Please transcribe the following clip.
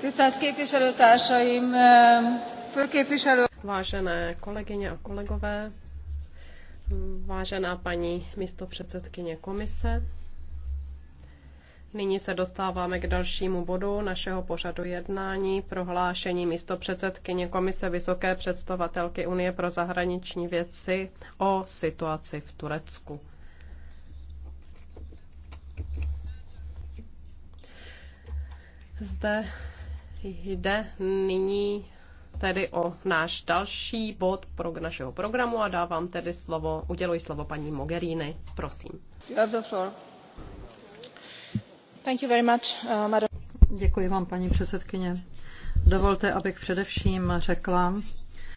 Tisztelt képviselőtársaim, főképviselő... Vážené kolegyně a kolegové, vážená paní místopředsedkyně komise, Nyní se dostáváme k dalšímu bodu našeho pořadu jednání, prohlášení místopředsedkyně Komise Vysoké představatelky Unie pro zahraniční věci o situaci v Turecku. Zde Jde nyní tedy o náš další bod pro našeho programu a dávám tedy slovo, uděluji slovo paní Mogherini. Prosím. Thank you very much, uh, Děkuji vám, paní předsedkyně. Dovolte, abych především řekla,